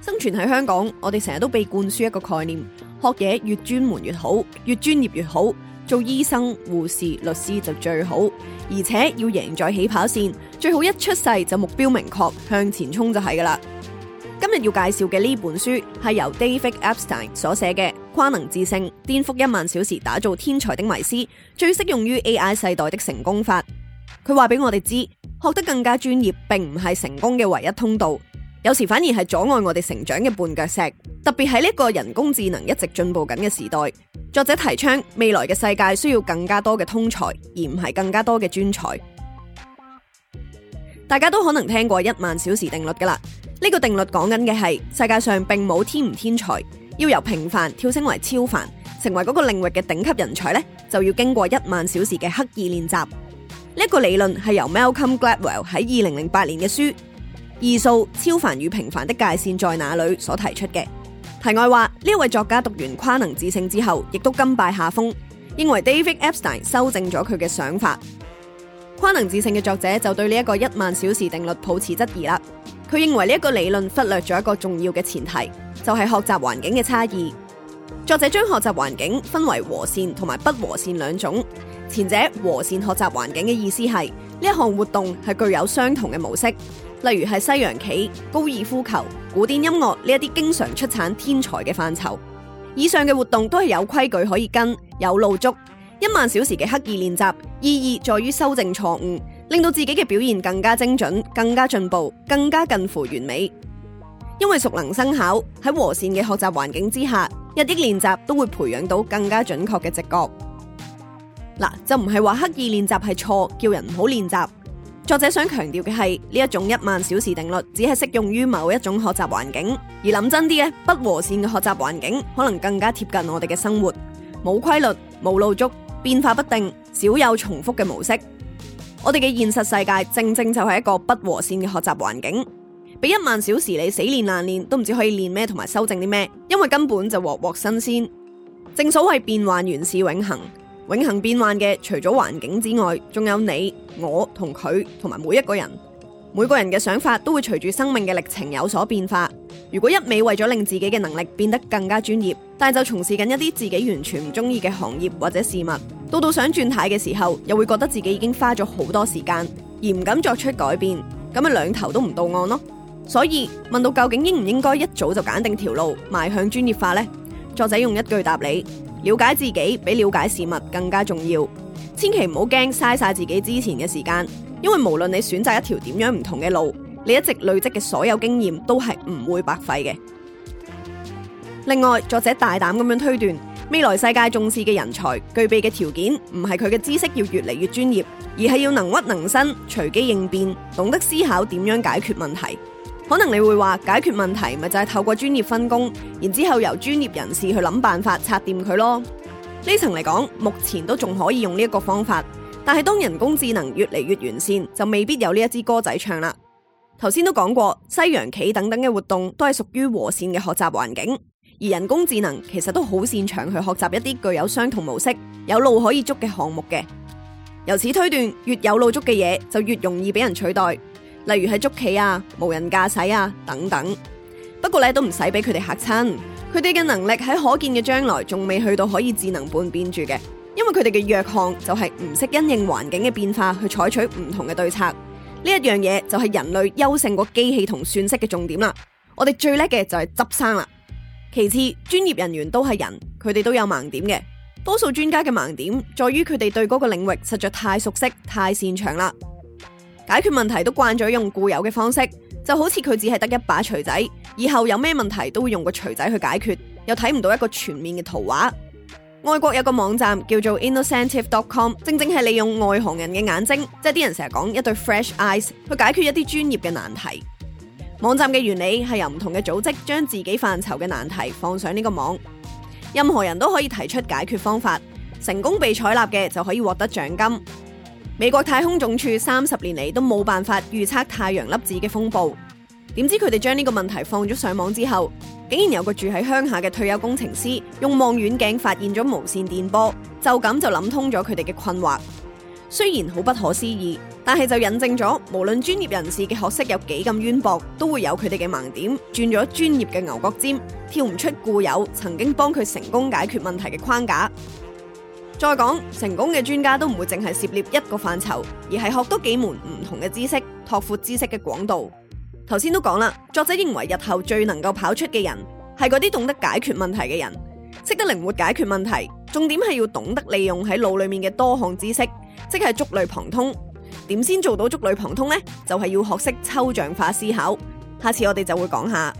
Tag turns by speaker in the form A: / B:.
A: 生存喺香港，我哋成日都被灌輸一個概念：學嘢越專門越好，越專業越好。做醫生、護士、律師就最好，而且要贏在起跑線，最好一出世就目標明確，向前衝就係㗎喇。今日要介紹嘅呢本書係由 David Epstein 所寫嘅《跨能致勝：顛覆一萬小時打造天才的迷思》，最適用於 AI 世代的成功法。佢話俾我哋知，學得更加專業，並唔係成功嘅唯一通道，有時反而係阻礙我哋成長嘅絆腳石。特別喺呢個人工智能一直進步緊嘅時代，作者提倡未來嘅世界需要更加多嘅通才，而唔係更加多嘅專才。大家都可能聽過一萬小時定律噶啦，呢個定律講緊嘅係世界上並冇天唔天才，要由平凡跳升為超凡，成為嗰個領域嘅頂級人才呢，就要經過一萬小時嘅刻意練習。一個理論係由 Malcolm Gladwell 喺二零零八年嘅書《異數超凡與平凡的界線在哪裡》所提出嘅。題外話，呢位作家讀完跨能致勝之後，亦都甘拜下風，認為 David Epstein 修正咗佢嘅想法。跨能致勝嘅作者就對呢一個一萬小時定律抱持質疑啦。佢認為呢一個理論忽略咗一個重要嘅前提，就係、是、學習環境嘅差異。作者將學習環境分為和善同埋不和善兩種。前者和善學習環境嘅意思係呢一項活動係具有相同嘅模式，例如係西洋棋、高爾夫球、古典音樂呢一啲經常出產天才嘅範疇。以上嘅活動都係有規矩可以跟，有路足一萬小時嘅刻意練習，意義在於修正錯誤，令到自己嘅表現更加精準、更加進步、更加近乎完美。因為熟能生巧，喺和善嘅學習環境之下，一啲練習都會培養到更加準確嘅直覺，嗱、啊、就唔係話刻意練習係錯，叫人唔好練習。作者想強調嘅係呢一種一萬小時定律，只係適用於某一種學習環境。而諗真啲咧，不和善嘅學習環境可能更加貼近我哋嘅生活，冇規律、冇路足、變化不定、少有重複嘅模式。我哋嘅現實世界正正就係一個不和善嘅學習環境。俾一萬小時你死練爛練都唔知可以練咩，同埋修正啲咩？因為根本就鑊鑊新鮮。正所謂變幻原是永恆，永恆變幻嘅除咗環境之外，仲有你、我同佢同埋每一個人。每個人嘅想法都會隨住生命嘅歷程有所變化。如果一味為咗令自己嘅能力變得更加專業，但係就從事緊一啲自己完全唔中意嘅行業或者事物，到到想轉態嘅時候，又會覺得自己已經花咗好多時間而唔敢作出改變，咁啊兩頭都唔到岸咯。所以問到究竟應唔應該一早就揀定條路邁向專業化呢？作者用一句答你：了解自己比了解事物更加重要。千祈唔好驚嘥晒自己之前嘅時間，因為無論你選擇一條點樣唔同嘅路，你一直累積嘅所有經驗都係唔會白費嘅。另外，作者大膽咁樣推斷，未來世界重視嘅人才具備嘅條件，唔係佢嘅知識要越嚟越專業，而係要能屈能伸、隨機應變、懂得思考點樣解決問題。可能你會話解決問題咪就係透過專業分工，然之後由專業人士去諗辦法拆掂佢咯。呢層嚟講，目前都仲可以用呢一個方法，但係當人工智能越嚟越完善，就未必有呢一支歌仔唱啦。頭先都講過西洋棋等等嘅活動都係屬於和善嘅學習環境，而人工智能其實都好擅長去學習一啲具有相同模式、有路可以捉嘅項目嘅。由此推斷，越有路捉嘅嘢就越容易俾人取代。例如喺捉棋啊、無人駕駛啊等等，不過咧都唔使俾佢哋嚇親，佢哋嘅能力喺可見嘅將來仲未去到可以智能半變住嘅，因為佢哋嘅弱項就係唔識因應環境嘅變化去採取唔同嘅對策，呢一樣嘢就係人類優勝過機器同算式嘅重點啦。我哋最叻嘅就係執生啦，其次專業人員都係人，佢哋都有盲點嘅，多數專家嘅盲點在於佢哋對嗰個領域實在太熟悉、太擅長啦。解決問題都慣咗用固有嘅方式，就好似佢只係得一把錘仔，以後有咩問題都會用個錘仔去解決，又睇唔到一個全面嘅圖畫。外國有個網站叫做 InnoCentive.com，正正係利用外行人嘅眼睛，即係啲人成日講一對 fresh eyes 去解決一啲專業嘅難題。網站嘅原理係由唔同嘅組織將自己範疇嘅難題放上呢個網，任何人都可以提出解決方法，成功被採納嘅就可以獲得獎金。美國太空總署三十年嚟都冇辦法預測太陽粒子嘅風暴，點知佢哋將呢個問題放咗上網之後，竟然有個住喺鄉下嘅退休工程師用望遠鏡發現咗無綫電波，就咁就諗通咗佢哋嘅困惑。雖然好不可思議，但係就引證咗無論專業人士嘅學識有幾咁淵博，都會有佢哋嘅盲點，轉咗專業嘅牛角尖，跳唔出固有曾經幫佢成功解決問題嘅框架。再講，成功嘅專家都唔會淨係涉獵一個範疇，而係學多幾門唔同嘅知識，拓闊知識嘅廣度。頭先都講啦，作者認為日後最能夠跑出嘅人係嗰啲懂得解決問題嘅人，識得靈活解決問題。重點係要懂得利用喺腦裏面嘅多項知識，即係觸類旁通。點先做到觸類旁通呢？就係要學識抽象化思考。下次我哋就會講下。